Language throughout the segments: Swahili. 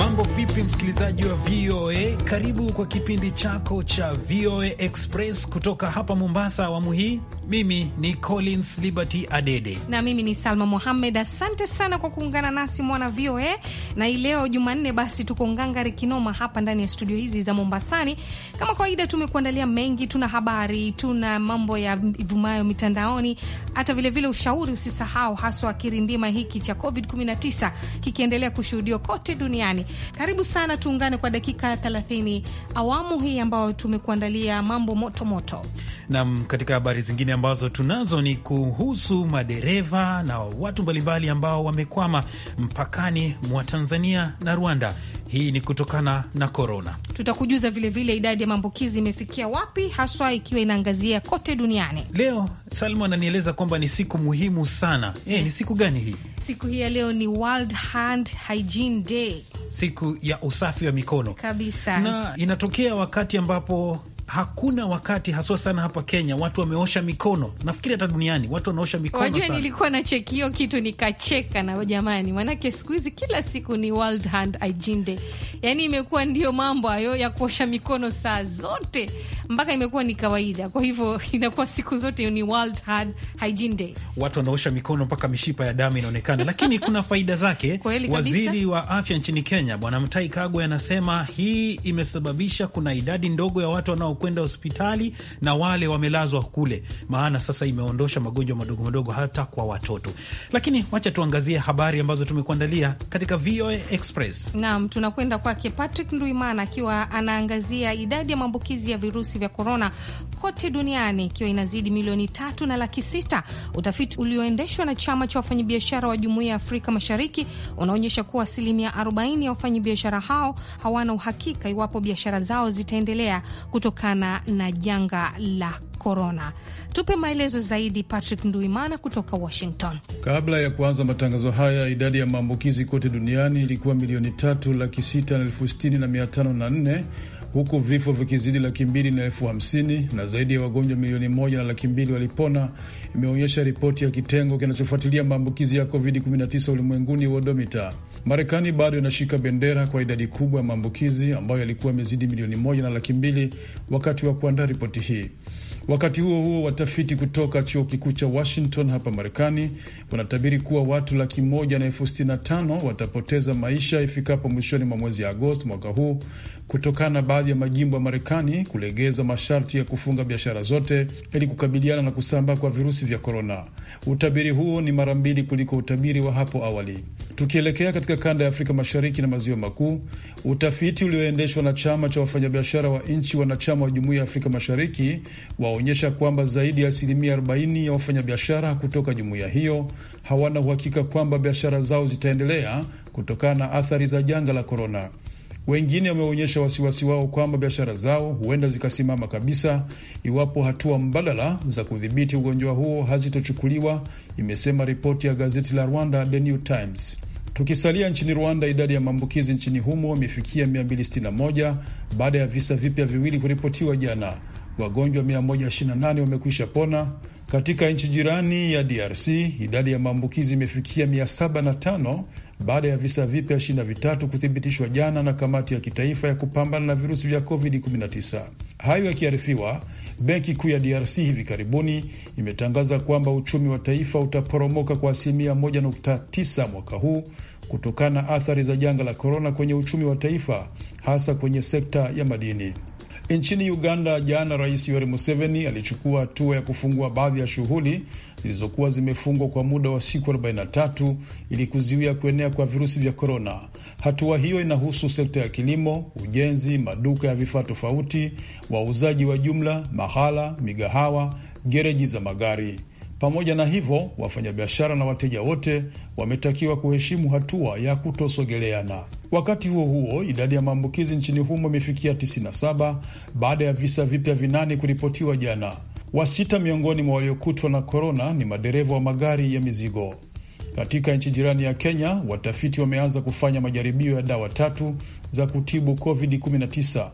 Mambo vipi, msikilizaji wa VOA? Karibu kwa kipindi chako cha VOA Express kutoka hapa Mombasa awamu hii. Mimi ni Collins Liberty Adede na mimi ni Salma Mohamed. Asante sana kwa kuungana nasi mwana VOA na hii leo Jumanne, basi tuko ngangari kinoma hapa ndani ya studio hizi za Mombasani. Kama kawaida, tumekuandalia mengi, tuna habari, tuna mambo ya vumayo mitandaoni, hata vilevile ushauri usisahau, haswa kirindima hiki cha COVID-19 kikiendelea kushuhudiwa kote duniani karibu sana, tuungane kwa dakika 30 awamu hii ambayo tumekuandalia mambo moto moto. Nam, katika habari zingine ambazo tunazo ni kuhusu madereva na watu mbalimbali ambao wamekwama mpakani mwa Tanzania na Rwanda. Hii ni kutokana na korona. Tutakujuza vilevile idadi ya maambukizi imefikia wapi haswa, ikiwa inaangazia kote duniani. Leo Salma ananieleza kwamba ni siku muhimu sana. E, ni siku gani hii? Siku hii ya leo ni World Hand Hygiene Day siku ya usafi wa mikono kabisa, na inatokea wakati ambapo hakuna wakati haswa sana hapa Kenya watu wameosha mikono, nafikiri hata duniani watu wanaosha mikono Wajua, nilikuwa na chekio kitu nikacheka na jamani, manake siku hizi kila siku ni World Hand Hygiene Day, yaani imekuwa ndiyo mambo hayo ya kuosha mikono saa zote mpaka imekuwa ni kawaida. Kwa hivyo inakuwa siku zote ni World Hand Hygiene Day, watu wanaosha mikono mpaka mishipa ya damu inaonekana. Lakini kuna faida zake. Waziri wa afya nchini Kenya Bwana Mtai Kagwe anasema hii imesababisha kuna idadi ndogo ya watu wanao kwenda hospitali na wale wamelazwa kule, maana sasa imeondosha magonjwa madogo madogo hata kwa watoto. Lakini wacha tuangazie habari ambazo tumekuandalia katika VOA Express. Naam, tunakwenda kwake Patrick Nduimana akiwa anaangazia idadi ya maambukizi ya virusi vya korona kote duniani ikiwa inazidi milioni tatu na laki sita. Utafiti ulioendeshwa na chama cha wafanyabiashara wa jumuiya ya Afrika Mashariki unaonyesha kuwa asilimia 40 ya wafanyabiashara hao hawana uhakika iwapo biashara zao zitaendelea kutoka kutokana na janga la korona. Tupe maelezo zaidi, Patrick Nduimana kutoka Washington. Kabla ya kuanza matangazo haya, idadi ya maambukizi kote duniani ilikuwa milioni tatu laki sita na elfu sitini na mia tano na nne huku vifo vikizidi laki mbili na elfu hamsini na zaidi ya wagonjwa milioni moja na laki mbili walipona, imeonyesha ripoti ya kitengo kinachofuatilia maambukizi ya COVID-19 ulimwenguni, Wodomita. Marekani bado inashika bendera kwa idadi kubwa ya maambukizi ambayo yalikuwa yamezidi milioni moja na laki mbili wakati wa kuandaa ripoti hii. Wakati huo huo, watafiti kutoka chuo kikuu cha Washington hapa Marekani wanatabiri kuwa watu laki moja na elfu sitini na tano watapoteza maisha ifikapo mwishoni mwa mwezi Agosti mwaka huu kutokana na baadhi ya majimbo ya Marekani kulegeza masharti ya kufunga biashara zote ili kukabiliana na kusambaa kwa virusi vya korona. Utabiri huo ni mara mbili kuliko utabiri wa hapo awali. Tukielekea katika kanda ya Afrika Mashariki na Maziwa Makuu, utafiti ulioendeshwa na chama cha wafanyabiashara wa nchi wanachama wa Jumuiya ya Afrika Mashariki wa waonyesha kwamba zaidi ya asilimia 40 ya wafanyabiashara kutoka jumuiya hiyo hawana uhakika kwamba biashara zao zitaendelea kutokana na athari za janga la korona. Wengine wameonyesha wasiwasi wao kwamba biashara zao huenda zikasimama kabisa iwapo hatua mbadala za kudhibiti ugonjwa huo hazitochukuliwa, imesema ripoti ya gazeti la Rwanda The New Times. Tukisalia nchini Rwanda, idadi ya maambukizi nchini humo imefikia 261 baada ya visa vipya viwili kuripotiwa jana. Wagonjwa 128 wamekwisha pona. Katika nchi jirani ya DRC idadi ya maambukizi imefikia 705 baada ya visa vipya vitatu kuthibitishwa jana na kamati ya kitaifa ya kupambana na virusi vya COVID-19. Hayo yakiarifiwa, benki kuu ya DRC hivi karibuni imetangaza kwamba uchumi wa taifa utaporomoka kwa asilimia 1.9 mwaka huu kutokana na athari za janga la korona kwenye uchumi wa taifa, hasa kwenye sekta ya madini. Nchini Uganda jana, Rais Yoweri Museveni alichukua hatua ya kufungua baadhi ya shughuli zilizokuwa zimefungwa kwa muda wa siku 43 ili kuziwia kuenea kwa virusi vya korona. Hatua hiyo inahusu sekta ya kilimo, ujenzi, maduka ya vifaa tofauti, wauzaji wa jumla, mahala, migahawa, gereji za magari. Pamoja na hivyo, wafanyabiashara na wateja wote wametakiwa kuheshimu hatua ya kutosogeleana. Wakati huo huo, idadi ya maambukizi nchini humo imefikia 97 baada ya visa vipya vinane kuripotiwa jana. Wasita miongoni mwa waliokutwa na korona ni madereva wa magari ya mizigo. Katika nchi jirani ya Kenya, watafiti wameanza kufanya majaribio ya dawa tatu za kutibu COVID-19.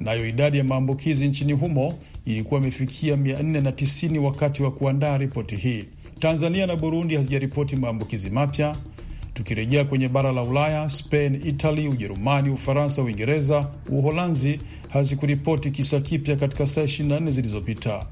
Nayo idadi ya maambukizi nchini humo ilikuwa imefikia 490 wakati wa kuandaa ripoti hii. Tanzania na Burundi hazijaripoti maambukizi mapya. Tukirejea kwenye bara la Ulaya, Spain, Italy, Ujerumani, Ufaransa, Uingereza, Uholanzi hazikuripoti kisa kipya katika saa 24 zilizopita.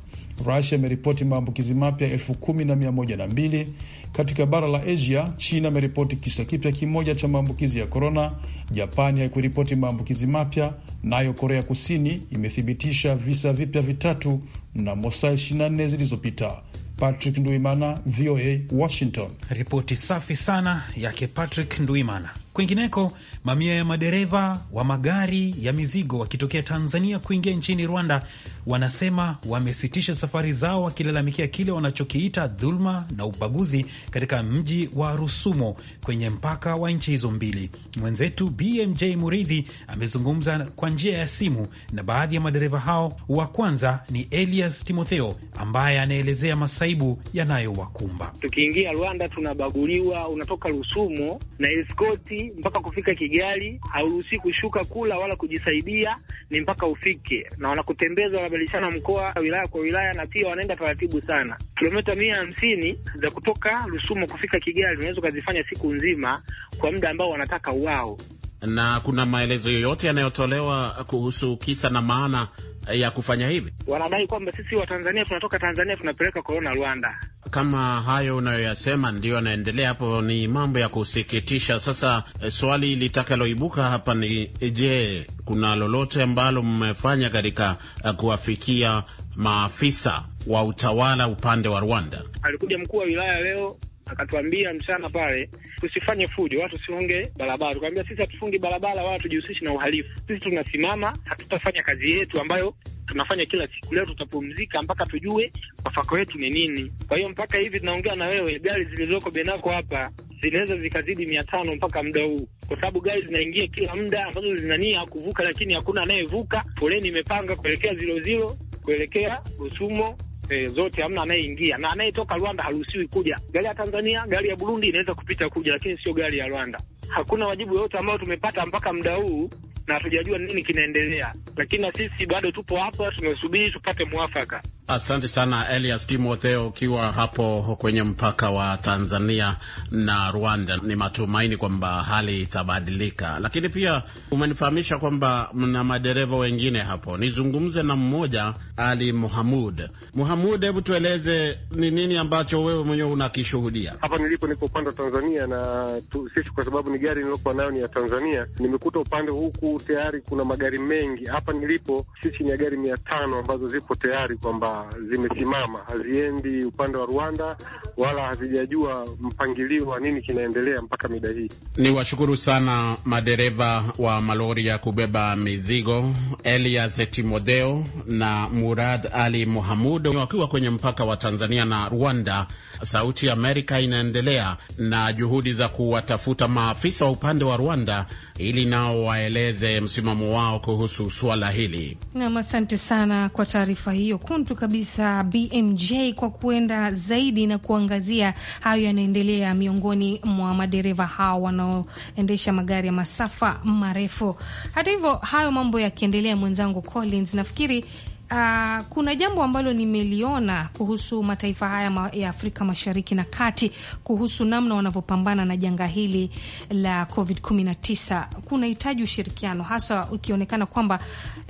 Rusia imeripoti maambukizi mapya elfu kumi na mia moja na mbili katika bara la Asia, China ameripoti kisa kipya kimoja cha maambukizi ya korona. Japani haikuripoti maambukizi mapya, nayo Korea Kusini imethibitisha visa vipya vitatu mnamo saa 24 zilizopita. Patrick Nduimana, VOA, Washington. Ripoti safi sana yake Patrick Nduimana. Kwingineko, mamia ya madereva wa magari ya mizigo wakitokea Tanzania kuingia nchini Rwanda wanasema wamesitisha safari zao wakilalamikia kile wanachokiita dhuluma na ubaguzi katika mji wa Rusumo kwenye mpaka wa nchi hizo mbili. Mwenzetu BMJ Muridhi amezungumza kwa njia ya simu na baadhi ya madereva hao. Wa kwanza ni Elias Timotheo ambaye anaelezea masaibu yanayowakumba. Tukiingia Rwanda tunabaguliwa, unatoka Rusumo na eskoti mpaka kufika Kigali, hauruhusi kushuka kula wala kujisaidia, ni mpaka ufike na wanakutembeza wanabadilishana mkoa, wilaya kwa wilaya, na pia wanaenda taratibu sana. Kilomita mia hamsini za kutoka Rusumo kufika Kigali unaweza ukazifanya siku nzima kwa muda ambao wanataka wao na kuna maelezo yoyote yanayotolewa kuhusu kisa na maana ya kufanya hivi? Wanadai kwamba sisi Watanzania tunatoka Tanzania tunapeleka korona Rwanda. Kama hayo unayoyasema ndiyo yanaendelea hapo, ni mambo ya kusikitisha. Sasa eh, swali litakaloibuka hapa ni je, kuna lolote ambalo mmefanya katika eh, kuwafikia maafisa wa utawala upande wa Rwanda? Alikuja mkuu wa wilaya leo akatuambia mchana pale tusifanye fujo, watu tusifunge barabara. Tukaambia sisi hatufungi barabara wala tujihusishi na uhalifu, sisi tunasimama, hatutafanya kazi yetu ambayo tunafanya kila siku. Leo tutapumzika mpaka tujue mafako yetu ni nini. Kwa hiyo mpaka hivi tunaongea na wewe, gari zilizoko Benako hapa zinaweza zikazidi mia tano mpaka muda huu, kwa sababu gari zinaingia kila muda ambazo zinania kuvuka, lakini hakuna anayevuka. Foleni imepanga kuelekea Zilozilo, kuelekea Busumo e, zote hamna anayeingia na anayetoka Rwanda haruhusiwi kuja. Gari ya Tanzania, gari ya Burundi inaweza kupita kuja, lakini sio gari ya Rwanda. Hakuna wajibu yoyote ambao tumepata mpaka muda huu na hatujajua nini kinaendelea, lakini na sisi bado tupo hapa tumesubiri tupate mwafaka. Asante sana Elias Timotheo, ukiwa hapo kwenye mpaka wa Tanzania na Rwanda. Ni matumaini kwamba hali itabadilika, lakini pia umenifahamisha kwamba mna madereva wengine hapo. Nizungumze na mmoja, Ali Muhamud. Muhamud, hebu tueleze ni nini ambacho wewe mwenyewe unakishuhudia hapa? Nilipo niko upande wa Tanzania na tu, sisi kwa sababu ni gari niliokuwa nayo ni ya Tanzania, nimekuta upande huku tayari kuna magari mengi. Hapa nilipo sisi ni ya gari mia tano ambazo zipo tayari kwamba zimesimama, haziendi upande wa Rwanda wala hazijajua mpangilio wa nini kinaendelea mpaka mida hii. Ni washukuru sana madereva wa malori ya kubeba mizigo Elias Timodeo na Murad Ali Muhamud wakiwa kwenye mpaka wa Tanzania na Rwanda. Sauti ya Amerika inaendelea na juhudi za kuwatafuta maafisa wa upande wa Rwanda ili nao waeleze msimamo wao kuhusu suala hili. Nam, asante sana kwa taarifa hiyo kuntu kabisa BMJ, kwa kuenda zaidi na kuangazia hayo yanaendelea miongoni mwa madereva hao wanaoendesha magari ya masafa marefu. Hata hivyo, hayo mambo yakiendelea, mwenzangu Collins, nafikiri Uh, kuna jambo ambalo nimeliona kuhusu mataifa haya ma ya Afrika Mashariki na Kati kuhusu namna wanavyopambana na janga hili la COVID-19. Kunahitaji ushirikiano hasa ukionekana kwamba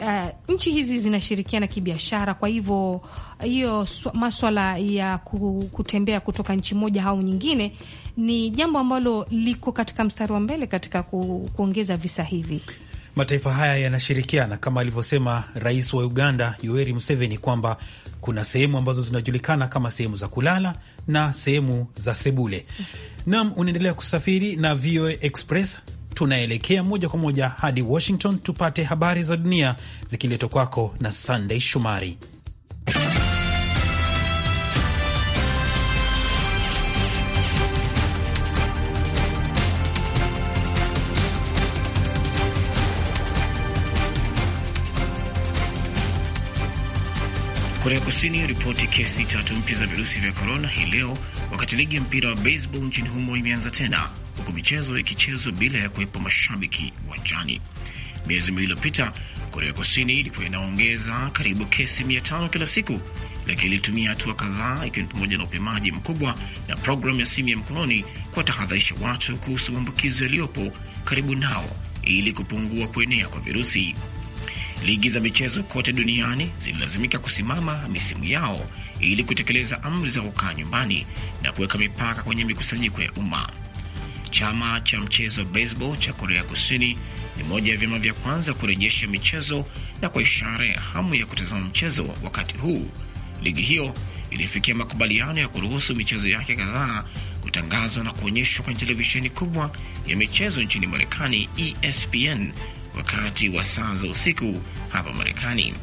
uh, nchi hizi zinashirikiana kibiashara, kwa hivyo hiyo maswala ya kutembea kutoka nchi moja au nyingine ni jambo ambalo liko katika mstari wa mbele katika ku, kuongeza visa hivi mataifa haya yanashirikiana kama alivyosema Rais wa Uganda Yoweri Museveni kwamba kuna sehemu ambazo zinajulikana kama sehemu za kulala na sehemu za sebule. Naam, unaendelea kusafiri na VOA Express. Tunaelekea moja kwa moja hadi Washington tupate habari za dunia zikiletwa kwako na Sunday Shumari. Korea Kusini ripoti kesi tatu mpya za virusi vya korona hii leo, wakati ligi ya mpira wa baseball nchini humo imeanza tena, huku michezo ikichezwa bila ya kuwepo mashabiki uwanjani. Miezi miwili iliyopita, Korea Kusini ilikuwa inaongeza karibu kesi mia tano kila siku, lakini ilitumia hatua kadhaa, ikiwa ni pamoja na upimaji mkubwa na programu ya simu ya mkononi kuwatahadharisha watu kuhusu maambukizo yaliyopo karibu nao ili kupungua kuenea kwa virusi. Ligi za michezo kote duniani zililazimika kusimama misimu yao ili kutekeleza amri za kukaa nyumbani na kuweka mipaka kwenye mikusanyiko ya umma. Chama cha mchezo baseball cha Korea Kusini ni moja ya vyama vya kwanza kurejesha michezo, na kwa ishara ya hamu ya kutazama mchezo wakati huu, ligi hiyo ilifikia makubaliano ya kuruhusu michezo yake kadhaa kutangazwa na kuonyeshwa kwenye televisheni kubwa ya michezo nchini Marekani, ESPN, wakati wa saa za usiku hapa Marekani.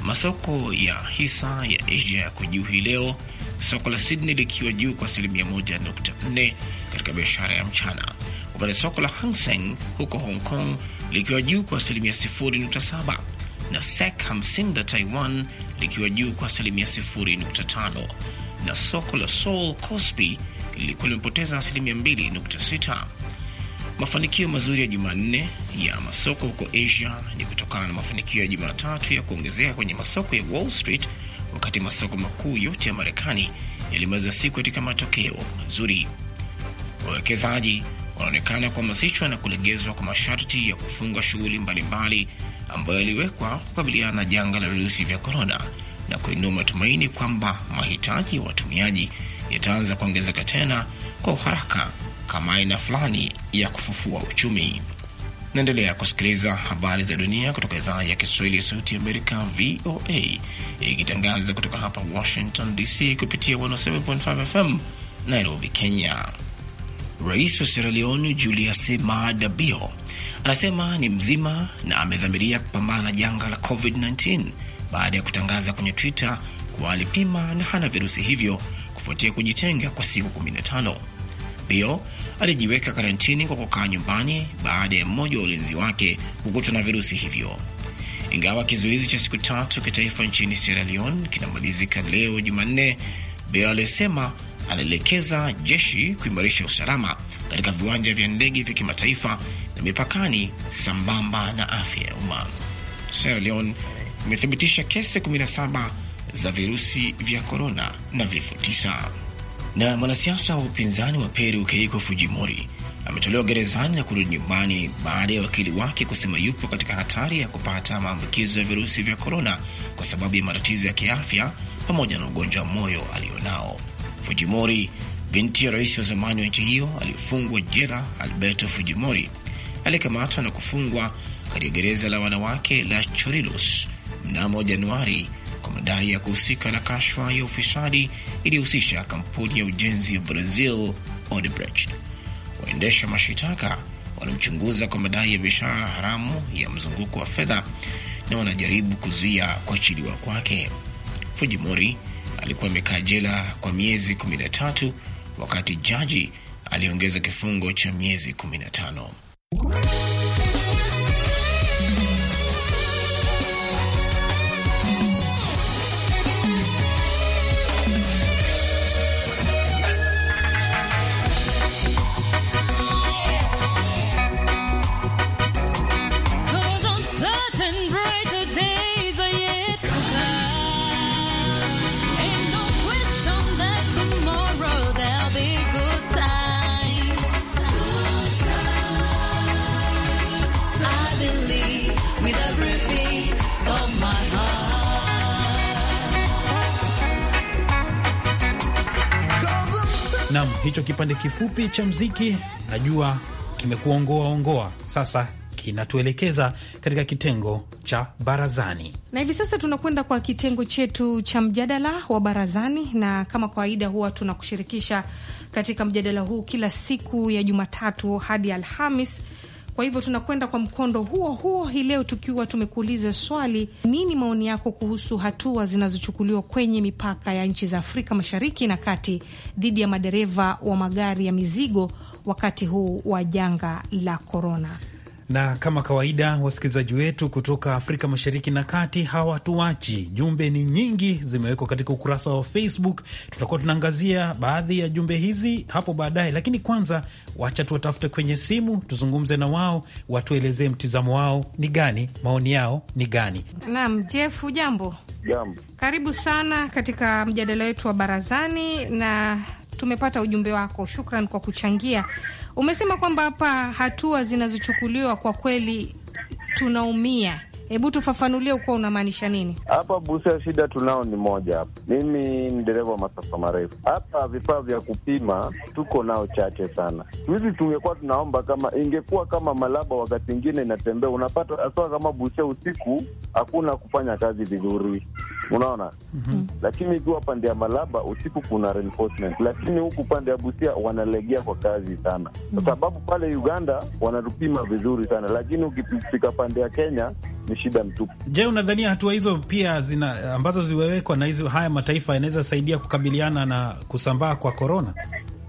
Masoko ya hisa ya Asia yako juu hii leo, soko la Sydney likiwa juu kwa asilimia 1.4 katika biashara ya mchana, wakati soko la Hang Seng huko Hong Kong likiwa juu kwa asilimia 0.7 na SEK 50 la Taiwan likiwa juu kwa asilimia 0.5 na soko la Seoul Kospi lilikuwa limepoteza asilimia 2.6. Mafanikio mazuri ya Jumanne ya masoko huko Asia ni kutokana na mafanikio ya Jumatatu ya kuongezeka kwenye masoko ya Wall Street, wakati masoko makuu yote ya Marekani yalimaliza siku katika matokeo mazuri. Wawekezaji wanaonekana kuhamasishwa na kulegezwa kwa masharti ya kufunga shughuli mbalimbali ambayo yaliwekwa kukabiliana na janga la virusi vya korona na kuinua matumaini kwamba mahitaji ya watumiaji yataanza kuongezeka tena kwa uharaka kama aina fulani ya kufufua uchumi. Naendelea kusikiliza habari za dunia kutoka idhaa ya Kiswahili ya Sauti Amerika, VOA, ikitangaza kutoka hapa Washington DC kupitia 107.5 FM Nairobi, Kenya. Rais wa Sierra Leone Julius Maada Bio anasema ni mzima na amedhamiria kupambana na janga la COVID-19 baada ya kutangaza kwenye Twitter kuwa alipima na hana virusi hivyo kufuatia kujitenga kwa siku 15. Bill alijiweka karantini kwa kukaa nyumbani baada ya mmoja wa ulinzi wake kukutwa na virusi hivyo. Ingawa kizuizi cha siku tatu kitaifa nchini Sierra Leone kinamalizika leo Jumanne, beo alisema anaelekeza jeshi kuimarisha usalama katika viwanja vya ndege vya kimataifa na mipakani sambamba na afya ya umma. Sierra Leone imethibitisha kesi 17 za virusi vya korona na vifo 9. Na mwanasiasa wa upinzani wa Peru Keiko Fujimori ametolewa gerezani na kurudi nyumbani baada ya wakili wake kusema yupo katika hatari ya kupata maambukizo ya virusi vya korona kwa sababu ya matatizo ya kiafya pamoja na ugonjwa wa moyo alionao. Fujimori, binti ya rais wa zamani wa nchi hiyo aliyefungwa jela Alberto Fujimori, alikamatwa na kufungwa katika gereza la wanawake la Chorilos mnamo Januari madai ya kuhusika na kashfa ya ufisadi iliyohusisha kampuni ya ujenzi ya Brazil Odebrecht. Waendesha mashitaka wanamchunguza kwa madai ya biashara haramu ya mzunguko wa fedha na wanajaribu kuzuia kuachiliwa kwake. Fujimori alikuwa amekaa jela kwa miezi 13 wakati jaji aliongeza kifungo cha miezi 15. Nam, hicho kipande kifupi cha mziki najua kimekuongoa ongoa sasa kinatuelekeza katika kitengo cha barazani, na hivi sasa tunakwenda kwa kitengo chetu cha mjadala wa barazani, na kama kawaida huwa tunakushirikisha katika mjadala huu kila siku ya Jumatatu hadi Alhamis kwa hivyo tunakwenda kwa mkondo huo huo hii leo tukiwa tumekuuliza swali, nini maoni yako kuhusu hatua zinazochukuliwa kwenye mipaka ya nchi za Afrika Mashariki na Kati dhidi ya madereva wa magari ya mizigo wakati huu wa janga la korona? na kama kawaida, wasikilizaji wetu kutoka Afrika Mashariki na Kati hawatuachi. Jumbe ni nyingi, zimewekwa katika ukurasa wa Facebook. Tutakuwa tunaangazia baadhi ya jumbe hizi hapo baadaye, lakini kwanza, wacha tuwatafute kwenye simu, tuzungumze na wao, watuelezee mtizamo wao ni gani, maoni yao ni gani. Naam, Jeff, jambo jambo, karibu sana katika mjadala wetu wa barazani na tumepata ujumbe wako, shukran kwa kuchangia. Umesema kwamba hapa hatua zinazochukuliwa kwa kweli tunaumia Hebu tufafanulie ukuwa unamaanisha nini hapa. Busia, shida tunao ni moja hapa. Mimi ni dereva wa masafa marefu hapa, vifaa vya kupima tuko nao chache sana. Hizi tungekuwa tunaomba kama ingekuwa kama Malaba, wakati ingine inatembea unapata hasa kama Busia usiku hakuna kufanya kazi vizuri, unaona mm -hmm. Lakini juu pande ya Malaba usiku kuna reinforcement, lakini huku pande ya Busia wanalegea kwa kazi sana kwa mm -hmm. sababu pale Uganda wanatupima vizuri sana, lakini ukifika pande ya Kenya ni shida mtupu. Je, unadhania hatua hizo pia zina ambazo zimewekwa na hizo haya mataifa yanaweza saidia kukabiliana na kusambaa kwa korona?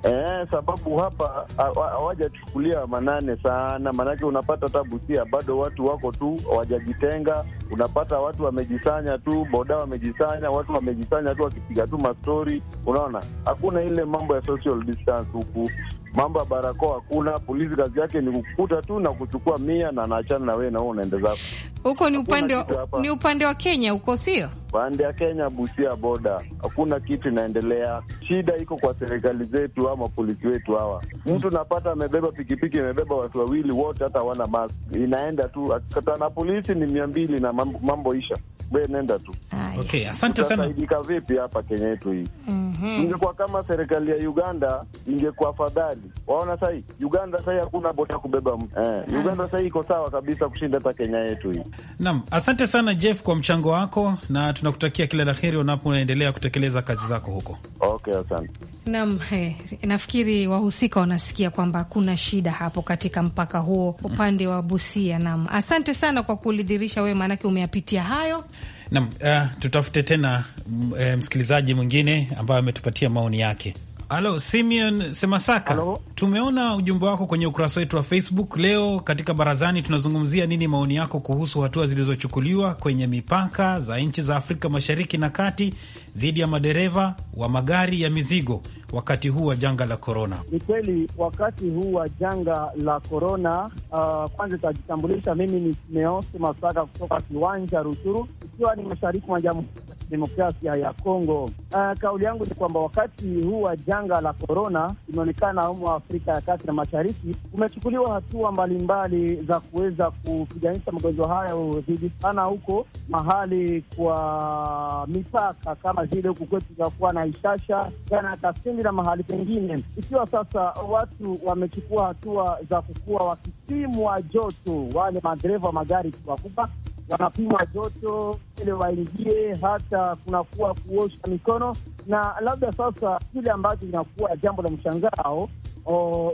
Eh, sababu hapa hawajachukulia manane sana, maanake unapata hata Busia bado watu wako tu hawajajitenga. Unapata watu wamejisanya tu, boda wamejisanya, watu wamejisanya tu, wakipiga tu mastori. Unaona, hakuna ile mambo ya social distance huku, mambo ya barakoa hakuna. Polisi kazi yake ni kukuta tu na kuchukua mia na anaachana na wewe, na wewe unaendezako. Huko ni upande ni upande wa Kenya huko, sio upande ya Kenya, Busia boda. Hakuna kitu inaendelea. Shida iko kwa serikali zetu ama polisi wetu hawa. Mtu napata amebeba pikipiki, amebeba watu wawili, wote hata hawana mask, inaenda tu akikata na polisi ni mia mbili na mambo isha. We nenda tu. Okay, asante sana. Tutasaidika vipi hapa Kenya yetu hii? mm -hmm. Ingekuwa kama serikali ya Uganda ingekuwa afadhali. Waona sahi Uganda sahi hakuna boda kubeba mtu eh. Ah. Uganda sahi iko sawa kabisa kushinda hata Kenya yetu hii. Naam, asante sana Jeff kwa mchango wako na tunakutakia kila la heri unapoendelea kutekeleza kazi zako huko. Okay, asante. Naam, hey, eh, nafikiri wahusika wanasikia kwamba kuna shida hapo katika mpaka huo upande wa Busia. Naam, asante sana kwa kulidhirisha wewe, maanake umeyapitia hayo. Naam, uh, tutafute tena uh, msikilizaji mwingine ambaye ametupatia maoni yake. Halo Simeon Semasaka. Hello. Tumeona ujumbe wako kwenye ukurasa wetu wa Facebook leo katika barazani tunazungumzia nini maoni yako kuhusu hatua zilizochukuliwa kwenye mipaka za nchi za Afrika Mashariki na Kati dhidi ya madereva wa magari ya mizigo wakati huu wa janga la korona? Ni kweli, wakati huu wa janga la korona, uh, kwanza itajitambulisha. Mimi ni Meosi Masaka kutoka kiwanja Rushuru, ikiwa ni mashariki mwa Jamhuri ya Kidemokrasia ya Kongo. Uh, kauli yangu ni kwamba wakati huu wa janga la korona imeonekana humo Afrika ya kati na mashariki kumechukuliwa hatua mbalimbali za kuweza kupiganisha magonjwa hayo dhidi sana huko mahali kwa mipaka kama zile huku kwetu itakuwa na Ishasha, tena Kasini Marekani na mahali pengine. Ikiwa sasa watu wamechukua hatua za kukuwa wakipimwa joto, wale madereva wa magari kubwa wanapimwa joto ile waingie, hata kunakuwa kuosha mikono na labda sasa kile ambacho inakuwa jambo la mshangao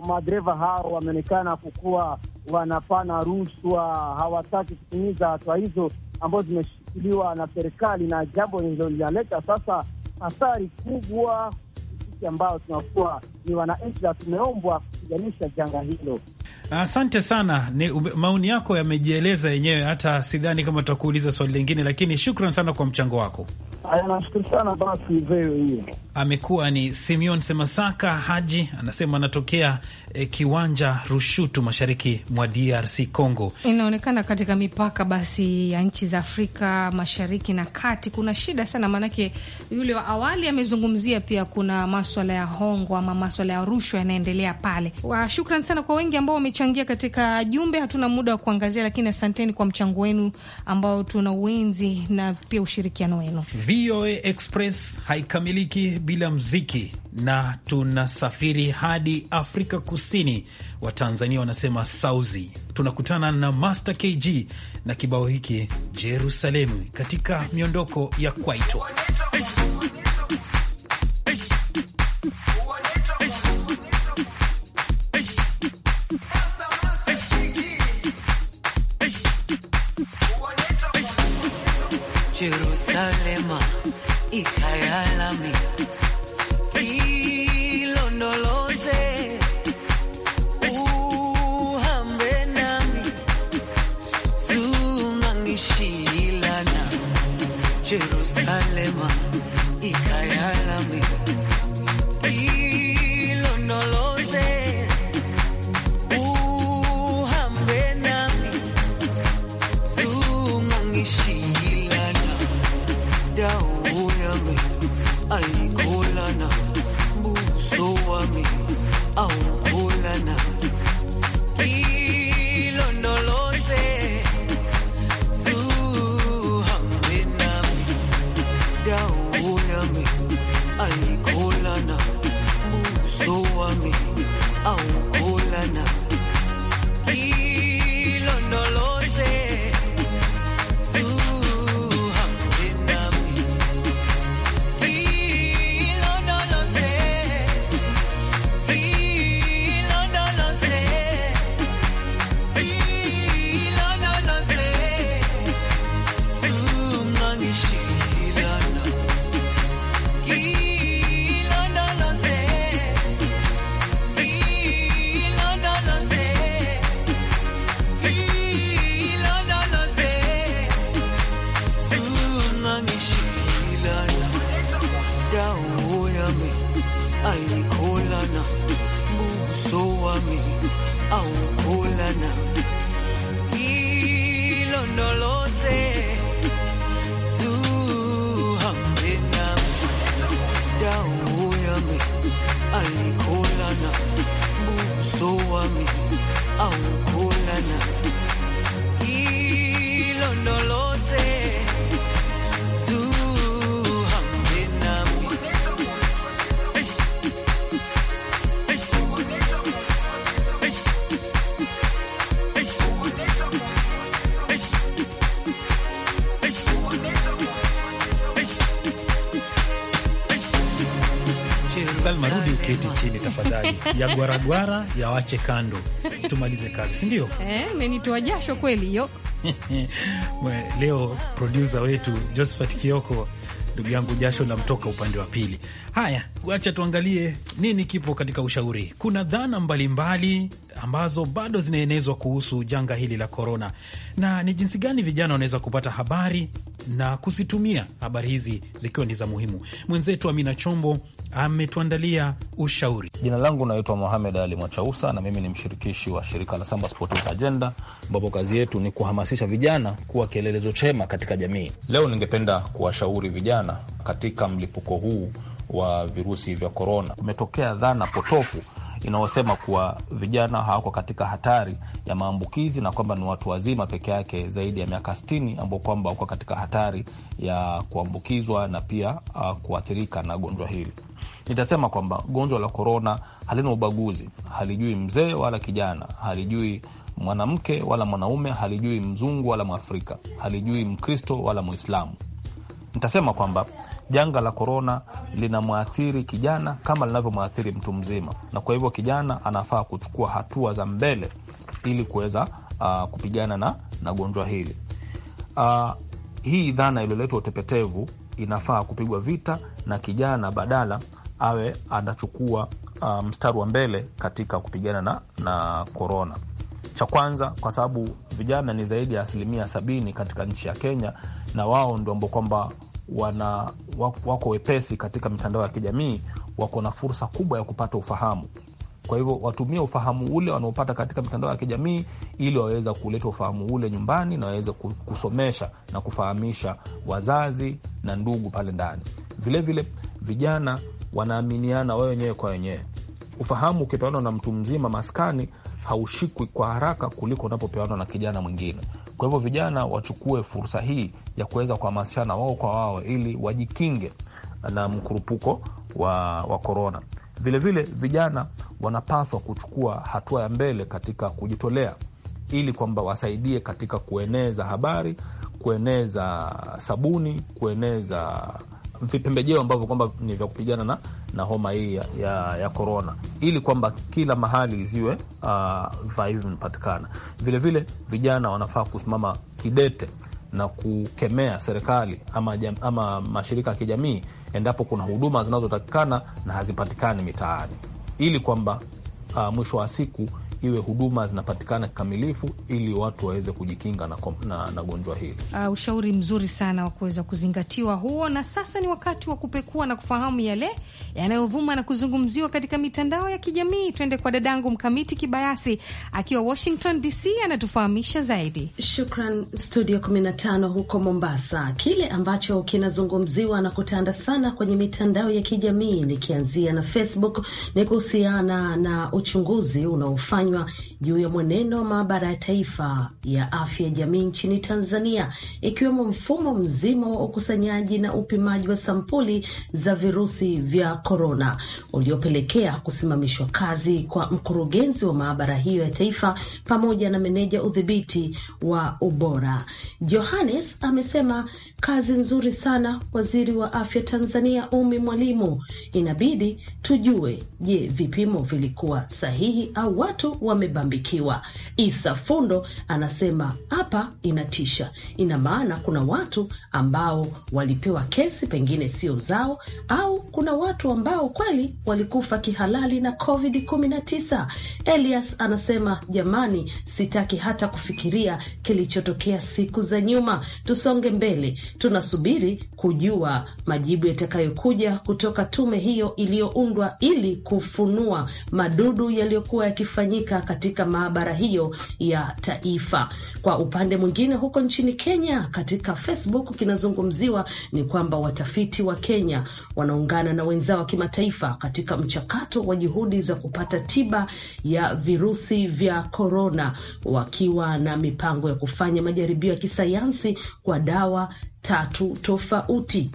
madereva hao wameonekana kukuwa wanapana rushwa, hawataki kutimiza hatua hizo ambazo zimeshikiliwa na serikali, na jambo hilo linaleta sasa athari kubwa sisi ambao tunakuwa ni wananchi na tumeombwa kupiganisha janga hilo. Asante sana, ni maoni yako yamejieleza yenyewe, hata sidhani kama tutakuuliza swali lingine, lakini shukran sana kwa mchango wako. Amekuwa ni Simeon Semasaka Haji, anasema anatokea e, kiwanja Rushutu, mashariki mwa DRC Congo. Inaonekana katika mipaka basi ya nchi za Afrika mashariki na kati kuna shida sana, maanake yule wa awali amezungumzia pia kuna maswala ya hongo ama maswala ya rushwa yanaendelea pale. Shukran sana kwa wengi ambao wamechangia katika jumbe, hatuna muda wa kuangazia, lakini asanteni kwa mchango wenu ambao tuna uenzi na pia ushirikiano wenu. VOA Express haikamiliki bila mziki, na tunasafiri hadi Afrika Kusini. Watanzania wanasema sauzi. Tunakutana na Master KG na kibao hiki Jerusalemu katika miondoko ya Kwaito. Jerusalem msikilizaji ya gwaragwara ya wache kando, tumalize kazi, si ndio? Eh, menitoa jasho kweli hiyo. Leo produsa wetu Josephat Kioko, ndugu yangu, jasho namtoka upande wa pili. Haya, wacha tuangalie nini kipo katika ushauri. Kuna dhana mbalimbali mbali ambazo bado zinaenezwa kuhusu janga hili la korona, na ni jinsi gani vijana wanaweza kupata habari na kuzitumia habari hizi zikiwa ni za muhimu. Mwenzetu Amina Chombo ametuandalia ushauri. Jina langu naitwa Mohamed Ali Mwachausa na mimi ni mshirikishi wa shirika la Samba Sport Agenda, ambapo kazi yetu ni kuhamasisha vijana kuwa kielelezo chema katika jamii. Leo ningependa kuwashauri vijana katika mlipuko huu wa virusi vya korona. Kumetokea dhana potofu inayosema kuwa vijana hawako katika hatari ya maambukizi na kwamba ni watu wazima peke yake zaidi ya miaka s ambao kwamba wako katika hatari ya kuambukizwa na pia uh, kuathirika na gonjwa hili nitasema kwamba gonjwa la korona halina ubaguzi, halijui mzee wala kijana, halijui mwanamke wala mwanaume, halijui mzungu wala Mwafrika, halijui Mkristo wala Mwislamu. Nitasema kwamba janga la korona linamwathiri kijana kama linavyomwathiri mtu mzima, na kwa hivyo kijana anafaa kuchukua hatua za mbele ili kuweza uh, kupigana na, na gonjwa hili uh, hii dhana iliyoletwa utepetevu inafaa kupigwa vita na kijana, badala awe anachukua uh, mstari wa mbele katika kupigana na, na korona. Cha kwanza kwa sababu vijana ni zaidi ya asilimia sabini katika nchi ya Kenya, na wao ndio ambao kwamba wana wako wepesi katika mitandao ya kijamii, wako na fursa kubwa ya kupata ufahamu. Kwa hivyo watumie ufahamu ule wanaopata katika mitandao ya kijamii ili waweze kuleta ufahamu ule nyumbani na waweze kusomesha na kufahamisha wazazi na ndugu pale ndani. Vilevile vijana wanaaminiana wao wenyewe kwa wenyewe. Ufahamu ukipeanwa na mtu mzima maskani haushikwi kwa haraka kuliko unapopeanwa na kijana mwingine. Kwa hivyo vijana wachukue fursa hii ya kuweza kuhamasishana wao kwa wao ili wajikinge na mkurupuko wa, wa korona. Vilevile vijana wanapaswa kuchukua hatua ya mbele katika kujitolea ili kwamba wasaidie katika kueneza habari, kueneza sabuni, kueneza vipembejeo ambavyo kwamba ni vya kupigana na, na homa hii ya, ya, ya korona, ili kwamba kila mahali ziwe ah, vifaa hivi vinapatikana. Vilevile vijana wanafaa kusimama kidete na kukemea serikali ama, jam, ama mashirika ya kijamii endapo kuna huduma zinazotakikana na hazipatikani mitaani, ili kwamba ah, mwisho wa siku iwe huduma zinapatikana kikamilifu ili watu waweze kujikinga na, na, na gonjwa hili. Uh, ushauri mzuri sana wa kuweza kuzingatiwa huo. Na sasa ni wakati wa kupekua na kufahamu yale yanayovuma na kuzungumziwa katika mitandao ya kijamii. Twende kwa dadangu Mkamiti Kibayasi akiwa Washington DC, anatufahamisha zaidi. Shukran studio 15 huko Mombasa. Kile ambacho kinazungumziwa na kutanda sana kwenye mitandao ya kijamii nikianzia na Facebook ni kuhusiana na uchunguzi unaofanywa kunywa juu ya mwenendo wa maabara ya taifa ya afya ya jamii nchini Tanzania, ikiwemo mfumo mzima wa ukusanyaji na upimaji wa sampuli za virusi vya korona uliopelekea kusimamishwa kazi kwa mkurugenzi wa maabara hiyo ya taifa pamoja na meneja udhibiti wa ubora. Johannes amesema kazi nzuri sana waziri wa afya Tanzania Umi Mwalimu, inabidi tujue, je, vipimo vilikuwa sahihi au watu wamebambikiwa. Isa Fundo anasema hapa inatisha, ina maana kuna watu ambao walipewa kesi pengine sio zao, au kuna watu ambao kweli walikufa kihalali na Covid 19. Elias anasema jamani, sitaki hata kufikiria kilichotokea siku za nyuma. Tusonge mbele, tunasubiri kujua majibu yatakayokuja kutoka tume hiyo iliyoundwa ili kufunua madudu yaliyokuwa yakifanyika kufanyika katika maabara hiyo ya taifa. Kwa upande mwingine, huko nchini Kenya, katika Facebook kinazungumziwa ni kwamba watafiti wa Kenya wanaungana na wenzao wa kimataifa katika mchakato wa juhudi za kupata tiba ya virusi vya korona, wakiwa na mipango ya kufanya majaribio ya kisayansi kwa dawa tatu tofauti.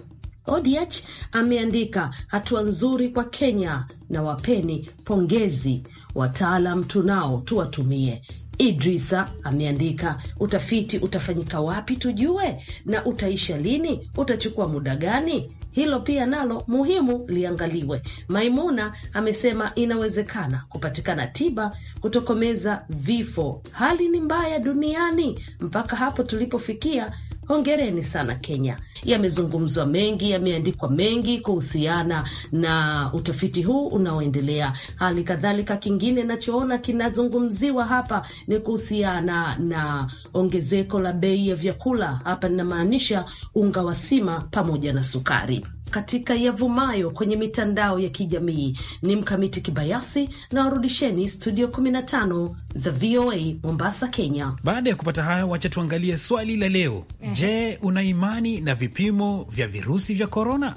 Odiach ameandika hatua nzuri kwa Kenya na wapeni pongezi wataalam tunao, tuwatumie. Idrisa ameandika, utafiti utafanyika wapi tujue, na utaisha lini? Utachukua muda gani? Hilo pia nalo muhimu liangaliwe. Maimuna amesema inawezekana kupatikana tiba kutokomeza vifo. Hali ni mbaya duniani mpaka hapo tulipofikia hongereni sana Kenya. Yamezungumzwa mengi, yameandikwa mengi kuhusiana na utafiti huu unaoendelea. Hali kadhalika, kingine nachoona kinazungumziwa hapa ni kuhusiana na ongezeko la bei ya vyakula. Hapa ninamaanisha unga wa sima pamoja na sukari katika yavumayo kwenye mitandao ya kijamii. Ni mkamiti Kibayasi na warudisheni studio 15 za VOA Mombasa, Kenya. Baada ya kupata hayo, wacha tuangalie swali la leo. Je, una imani na vipimo vya virusi vya korona?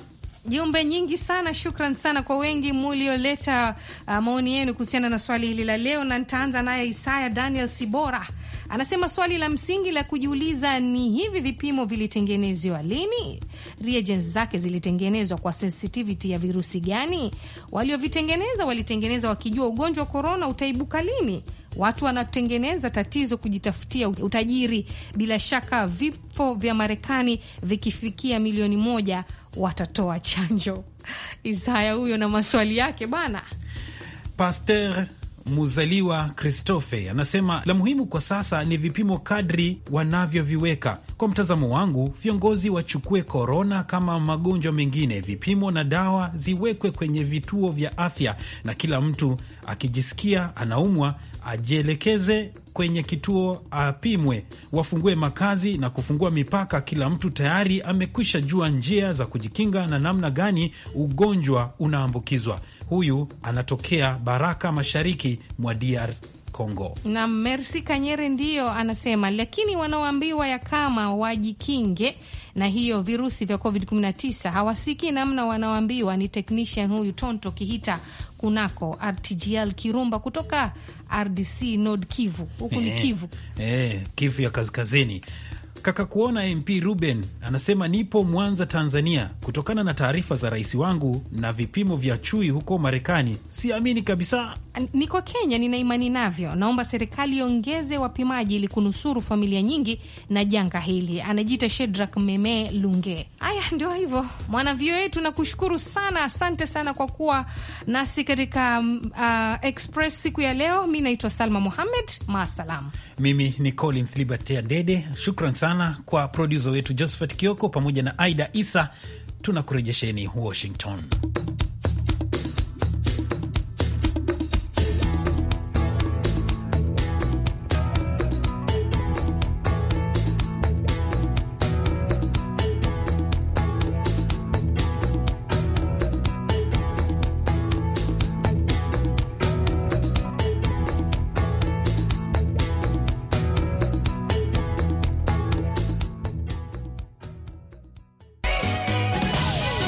Jumbe nyingi sana. Shukran sana kwa wengi mulioleta uh, maoni yenu kuhusiana na swali hili la leo, na nitaanza naye Isaya Daniel Sibora Anasema swali la msingi la kujiuliza ni hivi vipimo vilitengenezwa lini? Reagents zake zilitengenezwa kwa sensitivity ya virusi gani? Waliovitengeneza walitengeneza wakijua ugonjwa wa korona utaibuka lini? Watu wanatengeneza tatizo kujitafutia utajiri. Bila shaka vifo vya Marekani vikifikia milioni moja watatoa chanjo. Isaya huyo na maswali yake bana. Pasteur Muzaliwa Christophe anasema la muhimu kwa sasa ni vipimo kadri wanavyoviweka. Kwa mtazamo wangu, viongozi wachukue korona kama magonjwa mengine, vipimo na dawa ziwekwe kwenye vituo vya afya, na kila mtu akijisikia anaumwa ajielekeze kwenye kituo apimwe, wafungue makazi na kufungua mipaka. Kila mtu tayari amekwisha jua njia za kujikinga na namna gani ugonjwa unaambukizwa. Huyu anatokea Baraka, mashariki mwa DR congo Na Mersi Kanyere ndiyo anasema, lakini wanaoambiwa ya kama wajikinge na hiyo virusi vya COVID-19 hawasiki namna wanaoambiwa ni technician huyu Tonto Kihita kunako RTGL Kirumba kutoka RDC Nord Kivu, huku ni eh, Kivu eh, Kivu ya kaskazini. Kaka kuona MP Ruben anasema nipo Mwanza, Tanzania. Kutokana na taarifa za rais wangu na vipimo vya chui huko Marekani, siamini kabisa. Niko Kenya, nina imani navyo. Naomba serikali iongeze wapimaji ili kunusuru familia nyingi na janga hili. Anajiita Shedrak Meme Lunge. Haya, ndio hivyo mwanavyo wetu, nakushukuru sana, asante sana kwa kuwa nasi katika uh, Express siku ya leo. Mi naitwa Salma Muhamed, maasalam. Mimi ni Collins Libertia Dede, shukran sana sana kwa produsa wetu Josephat Kioko pamoja na Aida Isa. Tunakurejesheni Washington.